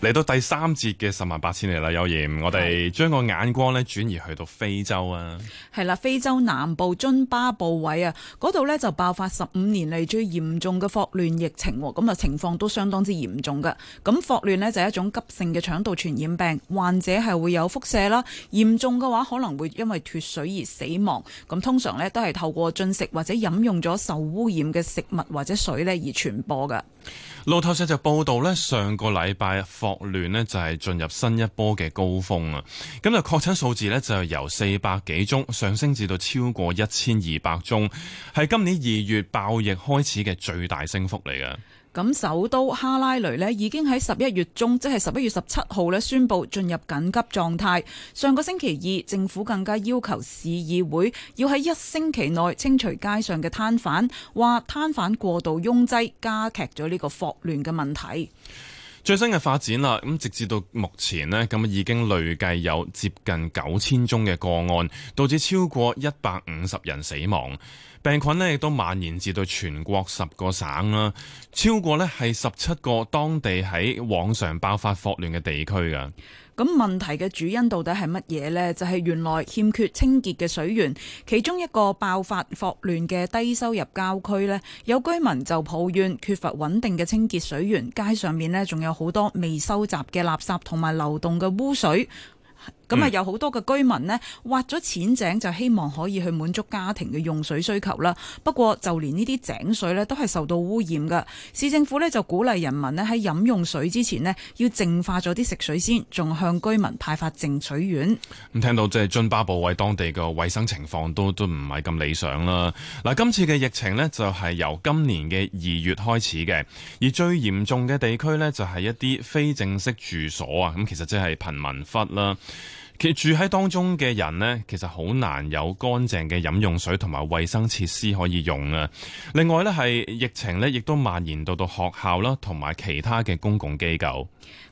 嚟到第三節嘅十萬八千里啦，有賢，我哋將個眼光咧轉移去到非洲啊！係啦，非洲南部津巴布韋啊，嗰度咧就爆發十五年嚟最嚴重嘅霍亂疫情喎，咁啊情況都相當之嚴重嘅。咁霍亂咧就係一種急性嘅腸道傳染病，患者係會有腹瀉啦，嚴重嘅話可能會因為脫水而死亡。咁通常咧都係透過進食或者飲用咗受污染嘅食物或者水咧而傳播嘅。路透社就報道咧，上個禮拜霍亂咧就係進入新一波嘅高峰啊！咁就確診數字咧就由四百幾宗上升至到超過一千二百宗，係今年二月爆疫開始嘅最大升幅嚟嘅。咁首都哈拉雷咧已經喺十一月中，即係十一月十七號咧宣布進入緊急狀態。上個星期二，政府更加要求市議會要喺一星期內清除街上嘅攤販，話攤販過度擁擠加劇咗呢個霍亂嘅問題。最新嘅發展啦，咁直至到目前咧，咁已經累計有接近九千宗嘅個案，導致超過一百五十人死亡。病菌呢亦都蔓延至到全國十個省啦，超過呢係十七個當地喺往常爆發霍亂嘅地區嘅。咁問題嘅主因到底係乜嘢呢？就係、是、原來欠缺清潔嘅水源，其中一個爆發霍亂嘅低收入郊區呢，有居民就抱怨缺乏穩定嘅清潔水源，街上面呢，仲有好多未收集嘅垃圾同埋流動嘅污水。咁、嗯、啊，有好多嘅居民呢，挖咗淺井，就希望可以去滿足家庭嘅用水需求啦。不過，就連呢啲井水呢都係受到污染嘅。市政府呢就鼓勵人民呢喺飲用水之前呢要淨化咗啲食水先，仲向居民派發淨水丸。咁、嗯、聽到即係津巴布韋當地嘅衛生情況都都唔係咁理想啦。嗱，今次嘅疫情呢就係、是、由今年嘅二月開始嘅，而最嚴重嘅地區呢就係、是、一啲非正式住所啊。咁其實即係貧民窟啦。其住喺當中嘅人呢，其實好難有乾淨嘅飲用水同埋衛生設施可以用啊。另外呢，係疫情呢亦都蔓延到到學校啦，同埋其他嘅公共機構。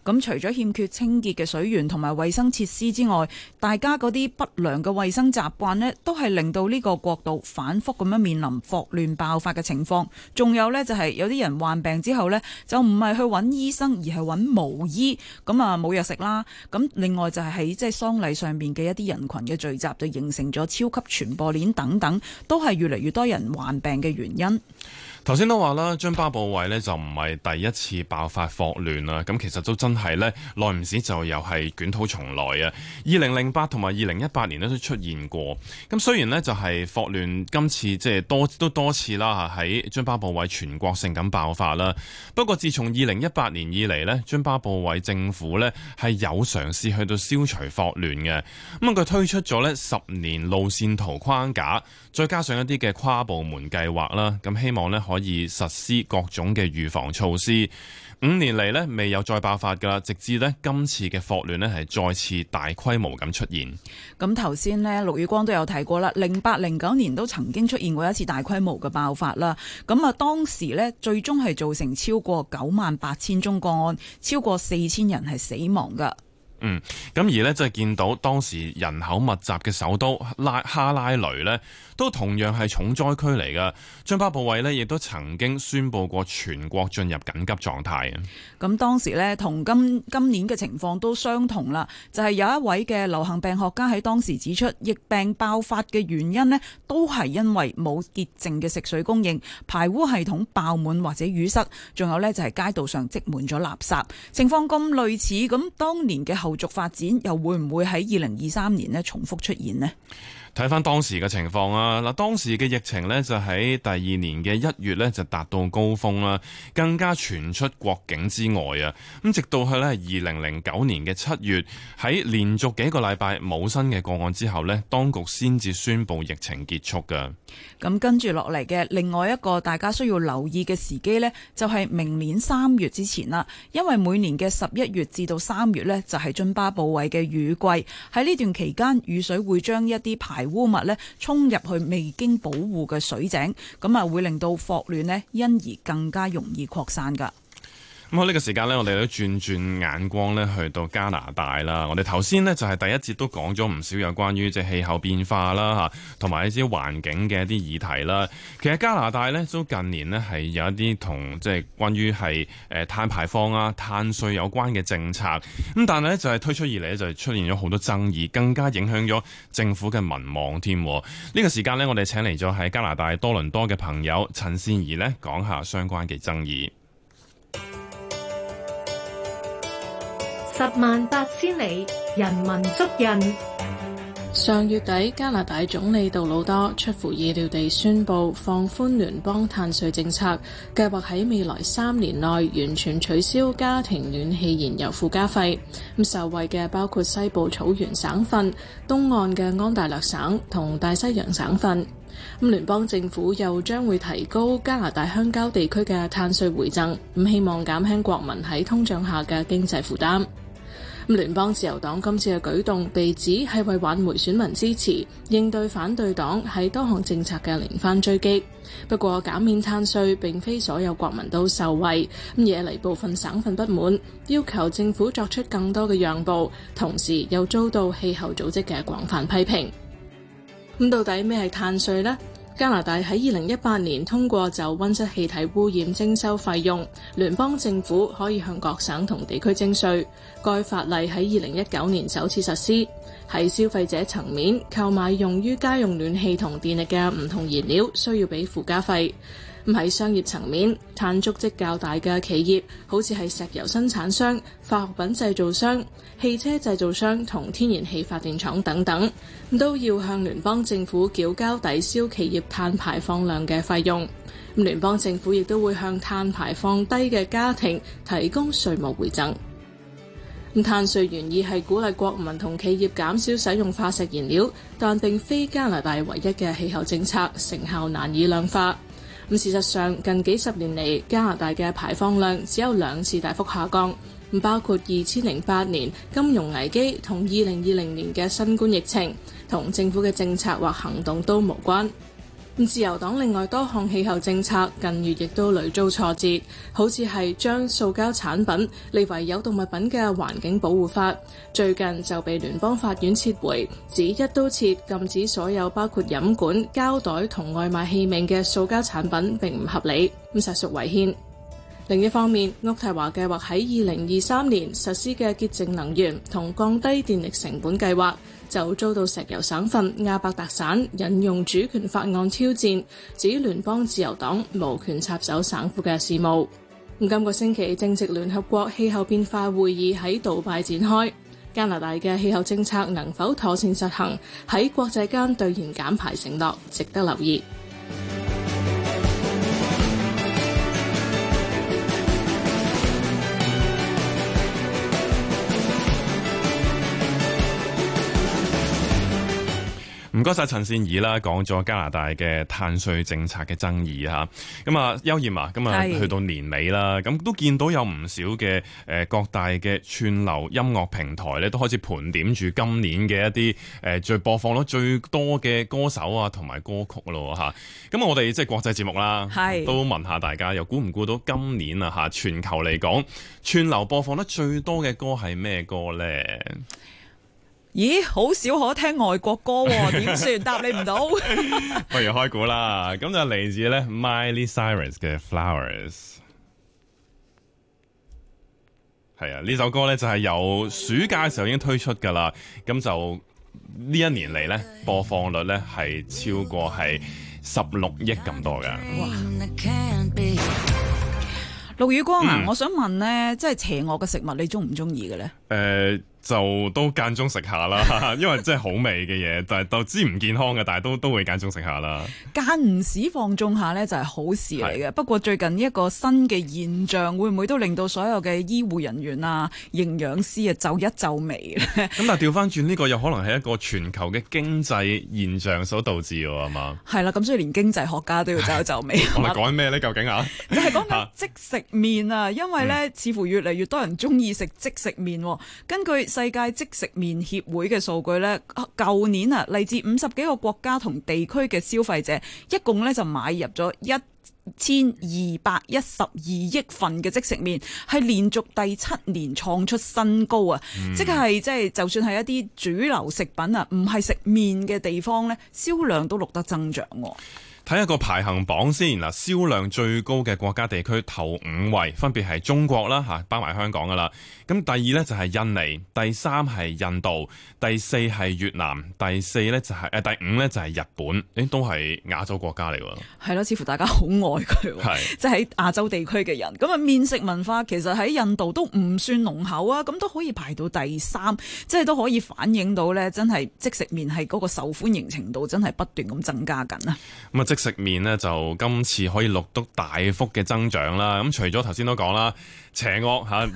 咁除咗欠缺清潔嘅水源同埋衛生設施之外，大家嗰啲不良嘅衛生習慣咧，都係令到呢個國度反覆咁樣面臨霍亂爆發嘅情況，仲有咧就係有啲人患病之後咧，就唔係去揾醫生而係揾巫醫，咁啊冇藥食啦。咁另外就係喺即係喪禮上面嘅一啲人群嘅聚集，就形成咗超級傳播鏈等等，都係越嚟越多人患病嘅原因。頭先都話啦，津巴布韋咧就唔係第一次爆發霍亂啦。咁其實都真。係呢耐唔時就又係捲土重來啊，二零零八同埋二零一八年呢都出現過。咁雖然呢就係霍亂今次即係多都多次啦，喺津巴布韋全國性咁爆發啦。不過自從二零一八年以嚟呢津巴布韋政府呢係有嘗試去到消除霍亂嘅。咁佢推出咗呢十年路線圖框架，再加上一啲嘅跨部門計劃啦。咁希望呢可以實施各種嘅預防措施。五年嚟呢未有再爆發噶啦，直至呢今次嘅霍亂呢係再次大規模咁出現。咁頭先呢陸宇光都有提過啦，零八零九年都曾經出現過一次大規模嘅爆發啦。咁啊當時呢，最終係造成超過九萬八千宗個案，超過四千人係死亡噶。嗯，咁而咧就係見到當時人口密集嘅首都拉哈拉雷咧，都同樣係重災區嚟嘅。津巴布韋咧亦都曾經宣布過全國進入緊急狀態。咁、嗯、當時咧同今今年嘅情況都相同啦，就係、是、有一位嘅流行病學家喺當時指出，疫病爆發嘅原因咧都係因為冇潔淨嘅食水供應、排污系統爆滿或者淤塞，仲有咧就係、是、街道上積滿咗垃圾。情況咁類似，咁當年嘅。後續發展又會唔會喺二零二三年呢重複出現呢？睇翻當時嘅情況啊！嗱，當時嘅疫情呢，就喺第二年嘅一月呢，就達到高峰啦，更加傳出國境之外啊！咁直到去呢，二零零九年嘅七月，喺連續幾個禮拜冇新嘅個案之後呢，當局先至宣布疫情結束㗎。咁跟住落嚟嘅另外一個大家需要留意嘅時機呢，就係明年三月之前啦，因為每年嘅十一月至到三月呢，就係津巴布韋嘅雨季，喺呢段期間雨水會將一啲排污物呢，沖入去未經保護嘅水井，噉咪會令到霍亂呢，因而更加容易擴散噶。咁、這、呢個時間呢，我哋都轉轉眼光咧，去到加拿大啦。我哋頭先呢，就係、是、第一節都講咗唔少有關於即係氣候變化啦，吓同埋一啲環境嘅一啲議題啦。其實加拿大呢，都近年呢，係有一啲同即係關於係誒碳排放啊、碳稅有關嘅政策。咁但係呢，就係、是、推出以嚟就出現咗好多爭議，更加影響咗政府嘅民望添。呢、這個時間呢，我哋請嚟咗喺加拿大多倫多嘅朋友陳善宜呢，講下相關嘅爭議。十萬八千里，人文足印。上月底，加拿大總理杜魯多出乎意料地宣布放寬聯邦碳稅政策，計劃喺未來三年內完全取消家庭暖氣燃油附加費。咁受惠嘅包括西部草原省份、東岸嘅安大略省同大西洋省份。咁聯邦政府又將會提高加拿大鄉郊地區嘅碳稅回贈，咁希望減輕國民喺通脹下嘅經濟負擔。聯邦自由黨今次嘅舉動被指係為挽回選民支持，應對反對黨喺多項政策嘅連番追擊。不過減免碳稅並非所有國民都受惠，咁惹嚟部分省份不滿，要求政府作出更多嘅讓步，同時又遭到氣候組織嘅廣泛批評。咁到底咩係碳稅呢？加拿大喺二零一八年通過就溫室氣體污染徵收費用，聯邦政府可以向各省同地區徵稅。該法例喺二零一九年首次實施，喺消費者層面購買用於家用暖氣同電力嘅唔同燃料需要俾附加費。喺商業層面，碳足迹較大嘅企業，好似係石油生產商、化學品製造商、汽車製造商同天然氣發電廠等等，都要向聯邦政府繳交抵消企業碳排放量嘅費用。聯邦政府亦都會向碳排放低嘅家庭提供稅務回贈。碳稅原意係鼓勵國民同企業減少使用化石燃料，但並非加拿大唯一嘅氣候政策，成效難以量化。咁事實上，近幾十年嚟，加拿大嘅排放量只有兩次大幅下降，唔包括二千零八年金融危機同二零二零年嘅新冠疫情，同政府嘅政策或行動都無關。自由黨另外多項氣候政策近月亦都屢遭挫折，好似係將塑膠產品列為有毒物品嘅環境保護法，最近就被聯邦法院撤回，指一刀切禁止所有包括飲管、膠袋同外賣器皿嘅塑膠產品並唔合理，咁實屬違憲。另一方面，渥太華計劃喺二零二三年實施嘅潔淨能源同降低電力成本計劃，就遭到石油省份阿伯特省引用主權法案挑戰，指聯邦自由黨無權插手省府嘅事務，今個星期正值聯合國氣候變化會議喺杜拜展開，加拿大嘅氣候政策能否妥善實行，喺國際間兌現減排承諾，值得留意。多謝曬陳善宜啦，講咗加拿大嘅碳稅政策嘅爭議嚇。咁啊，邱燕啊，咁啊，去到年尾啦，咁都見到有唔少嘅誒各大嘅串流音樂平台咧，都開始盤點住今年嘅一啲誒最播放得最多嘅歌手啊，同埋歌曲咯嚇。咁啊，我哋即係國際節目啦，都問下大家，又估唔估到今年啊嚇全球嚟講，串流播放得最多嘅歌係咩歌咧？咦，好少可聽外國歌喎、啊，點算答你唔到？ 不如開估啦，咁就嚟自咧 Miley Cyrus 嘅 Flowers。係啊，呢首歌咧就係由暑假嘅時候已經推出噶啦，咁就呢一年嚟咧播放率咧係超過係十六億咁多㗎。陸雨光啊，嗯、我想問咧，即係邪惡嘅食物你喜喜，你中唔中意嘅咧？誒、呃，就都間中食下啦，因為真係好味嘅嘢，但係就知唔健康嘅，但係都都會間中食下啦。間唔時放縱下咧，就係好事嚟嘅。不過最近一個新嘅現象，會唔會都令到所有嘅醫護人員啊、營養師啊皺一皺眉咧？咁但係調翻轉呢個，又可能係一個全球嘅經濟現象所導致嘅係嘛？係啦，咁所以連經濟學家都要皺一皺眉。 我咪講咩咧？究竟啊？就係、是、講緊即食麵啊， 因為咧、嗯、似乎越嚟越多人中意食即食麵、啊。根據世界即食麵協會嘅數據呢，舊年啊，嚟自五十幾個國家同地區嘅消費者，一共呢就買入咗一千二百一十二億份嘅即食麵，係連續第七年創出新高啊，嗯！即係即係，就算係一啲主流食品啊，唔係食麵嘅地方呢，銷量都錄得增長。睇下個排行榜先嗱，銷量最高嘅國家地區頭五位分別係中國啦吓，包埋香港噶啦。咁第二呢就係印尼，第三係印度，第四係越南，第四呢就係、是、誒第五呢就係日本，誒都係亞洲國家嚟㗎。係咯，似乎大家好愛佢，即係亞洲地區嘅人。咁啊，麵食文化其實喺印度都唔算濃厚啊，咁都可以排到第三，即係都可以反映到呢，真係即食麵係嗰個受歡迎程度真係不斷咁增加緊啊。食麵呢，就今次可以錄到大幅嘅增長啦。咁除咗頭先都講啦，邪惡吓，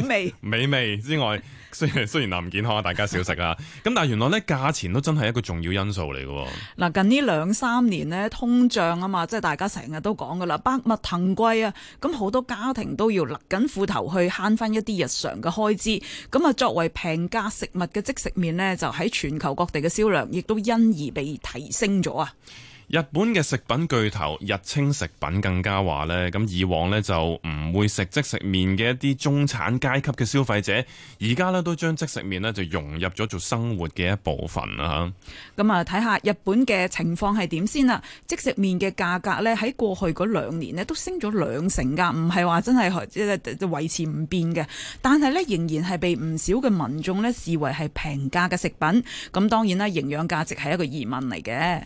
美、啊、味 美味之外，雖然雖然又唔健康，大家少食啦。咁 但係原來呢，價錢都真係一個重要因素嚟㗎。嗱，近呢兩三年呢，通脹啊嘛，即係大家成日都講噶啦，百物騰貴啊，咁好多家庭都要勒緊褲頭去慳翻一啲日常嘅開支。咁啊，作為平價食物嘅即食麵呢，就喺全球各地嘅銷量亦都因而被提升咗啊！日本嘅食品巨頭日清食品更加話呢，咁以往呢就唔會食即食麵嘅一啲中產階級嘅消費者，而家呢都將即食麵呢就融入咗做生活嘅一部分啦。咁啊，睇下日本嘅情況係點先啦。即食麵嘅價格呢喺過去嗰兩年呢都升咗兩成噶，唔係話真係即維持唔變嘅。但係呢仍然係被唔少嘅民眾呢視為係平價嘅食品。咁當然啦，營養價值係一個疑問嚟嘅。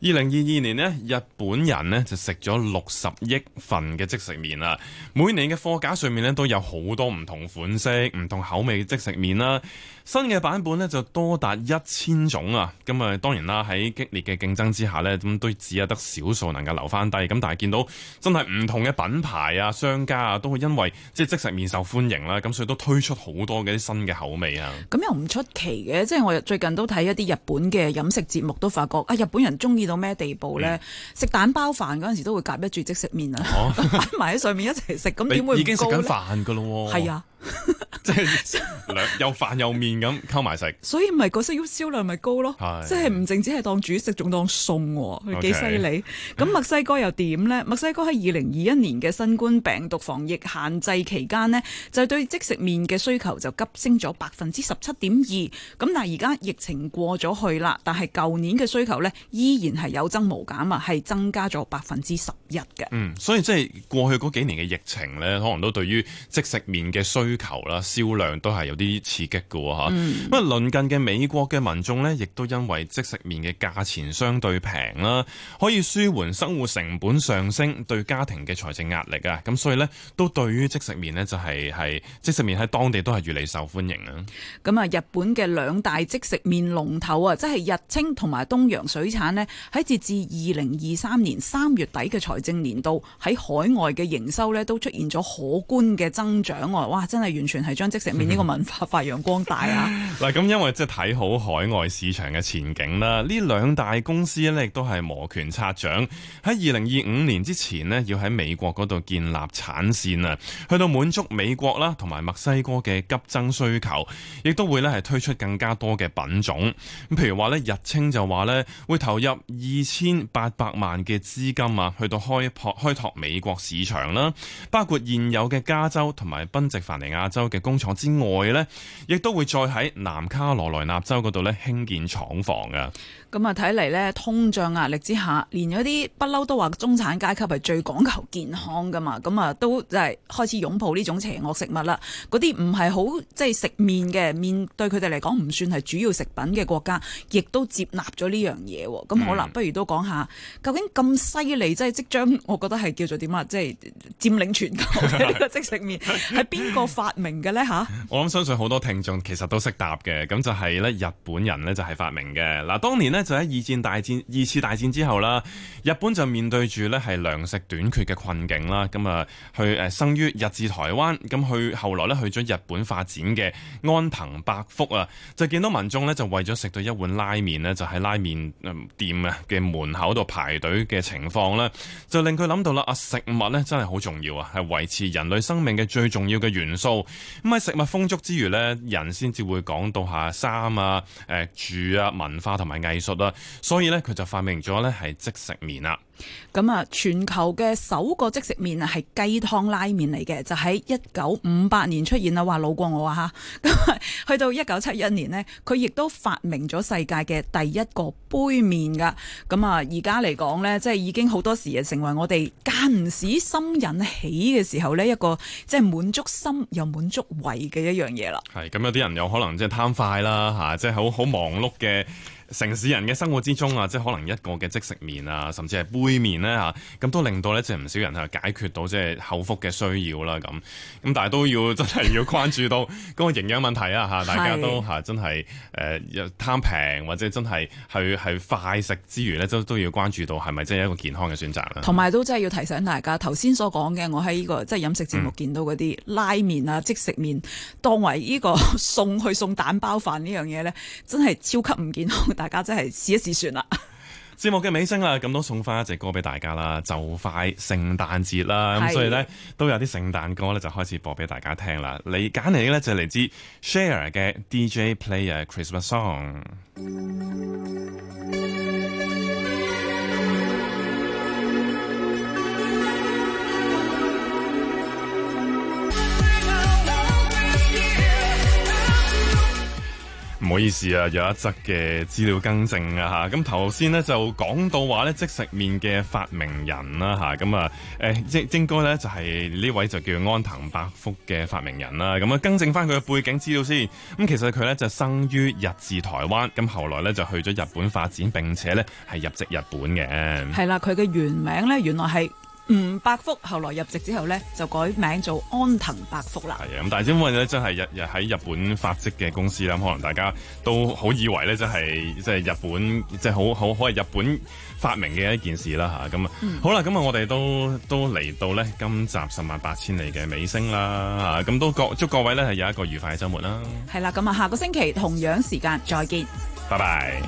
二零二二年呢，日本人呢就食咗六十億份嘅即食麵啦。每年嘅貨架上面呢都有好多唔同款式、唔同口味嘅即食麵啦。新嘅版本呢就多達一千種啊！咁啊，當然啦，喺激烈嘅競爭之下呢，咁都只係得少數能夠留翻低。咁但係見到真係唔同嘅品牌啊、商家啊，都會因為即係即食麵受歡迎啦，咁所以都推出好多嘅啲新嘅口味啊。咁又唔出奇嘅，即係我最近都睇一啲日本嘅飲食節目，都發覺啊，日本人中意，到咩地步咧？食蛋包飯嗰陣時都會夾一注即食麵啊，擺埋喺上面一齊食，咁、啊、點會已經食緊飯噶咯？係啊。 即係兩又飯又麵咁溝埋食， 所以咪嗰些要銷量咪高咯，即係唔淨止係當主食，仲當餸、啊，幾犀利。咁、okay。墨西哥又點呢？墨西哥喺二零二一年嘅新冠病毒防疫限制期間呢，就對即食麵嘅需求就急升咗百分之十七點二。咁但係而家疫情過咗去啦，但係舊年嘅需求呢，依然係有增無減啊，係增加咗百分之十一嘅。嗯，所以即係過去嗰幾年嘅疫情呢，可能都對於即食麵嘅需求需求啦，銷量都係有啲刺激噶吓，咁、嗯、啊，鄰近嘅美國嘅民眾咧，亦都因為即食麵嘅價錢相對平啦，可以舒緩生活成本上升對家庭嘅財政壓力啊。咁所以咧，都對於即食麵咧就係、係、係即食麵喺當地都係越嚟受歡迎啊。咁啊，日本嘅兩大即食麵龍頭啊，即係日清同埋東洋水產咧，喺截至二零二三年三月底嘅財政年度，喺海外嘅營收咧都出現咗可觀嘅增長哇真係完全係將即食麵呢個文化發揚光大啊！嗱，咁因為即係睇好海外市場嘅前景啦，呢兩大公司咧亦都係摩拳擦掌，喺二零二五年之前呢，要喺美國嗰度建立產線啊，去到滿足美國啦同埋墨西哥嘅急增需求，亦都會咧係推出更加多嘅品種。咁譬如話咧，日清就話咧會投入二千八百萬嘅資金啊，去到開拓開拓美國市場啦，包括現有嘅加州同埋賓夕凡尼亞洲嘅工廠之外呢，亦都會再喺南卡羅來納州嗰度呢興建廠房㗎。咁啊，睇嚟咧，通脹壓力之下，連咗啲不嬲都話中產階級係最講求健康噶嘛，咁啊，都就係開始擁抱呢種邪惡食物啦。嗰啲唔係好即係食麵嘅，面對佢哋嚟講唔算係主要食品嘅國家，亦都接納咗呢樣嘢。咁、嗯、好啦，不如都講下，究竟咁犀利，即係即將，我覺得係叫做點啊？即係佔領全球嘅呢個即食麵，係邊個發明嘅咧？吓、啊，我諗相信好多聽眾其實都識答嘅，咁就係咧日本人咧就係發明嘅。嗱，當年咧。就喺二戰大戰二次大戰之後啦，日本就面對住咧，係糧食短缺嘅困境啦，咁啊去誒生於日治台灣，咁去後來咧去咗日本發展嘅安藤百福啊，就見到民眾咧就為咗食到一碗拉麵咧，就喺拉麵店啊嘅門口度排隊嘅情況咧，就令佢諗到啦，啊食物咧真係好重要啊，係維持人類生命嘅最重要嘅元素。咁喺食物豐足之餘咧，人先至會講到下衫啊、誒住啊、文化同埋藝術。所以咧，佢就發明咗咧係即食麵啦。咁啊，全球嘅首個即食麵啊，係雞湯拉麵嚟嘅，就喺一九五八年出現啦。話老過我啊，吓咁，去到一九七一年呢，佢亦都發明咗世界嘅第一個杯麵噶。咁啊，而家嚟講咧，即係已經好多時啊，成為我哋間使心引起嘅時候呢一個即係滿足心又滿足胃嘅一樣嘢啦。係咁，有啲人有可能即係貪快啦，吓即係好好忙碌嘅。城市人嘅生活之中啊，即係可能一個嘅即食麵啊，甚至係杯麵咧吓，咁都令到咧，即係唔少人係解決到即係口腹嘅需要啦。咁咁，但係都要真係要關注到嗰個營養問題啊 大家都吓真係誒又貪平，或者真係去係快食之餘咧，都都要關注到係咪真係一個健康嘅選擇啦？同埋都真係要提醒大家，頭先所講嘅，我喺呢、這個即係、就是、飲食節目見到嗰啲拉麵啊、嗯、即食麵當為呢、這個送去送蛋包飯呢樣嘢咧，真係超級唔健康。大家真係試一試算啦！節目嘅尾聲啦，咁都送翻一隻歌俾大家啦，就快聖誕節啦，咁所以咧都有啲聖誕歌咧就開始播俾大家聽啦。嚟揀嚟咧就嚟自 Share 嘅 DJ Player Christmas Song。唔好意思啊，有一則嘅資料更正啊嚇，咁頭先呢就講到話咧即食麵嘅發明人啦嚇，咁啊誒應應該咧就係呢位就叫安藤百福嘅發明人啦，咁啊更正翻佢嘅背景資料先。咁其實佢咧就生於日治台灣，咁後來咧就去咗日本發展，並且咧係入籍日本嘅。係啦，佢嘅原名咧原來係。吳百福後來入籍之後咧，就改名做安藤百福啦。係啊，咁但係因為咧，真係日日喺日本發跡嘅公司啦，咁可能大家都好以為咧，即係即係日本，即係好好好係日本發明嘅一件事啦，吓咁啊。好啦，咁啊，我哋都都嚟到咧今集十萬八千里嘅尾聲啦，吓咁都各祝各位咧係有一個愉快嘅周末啦。係啦，咁啊，下個星期同樣時間再見。拜拜。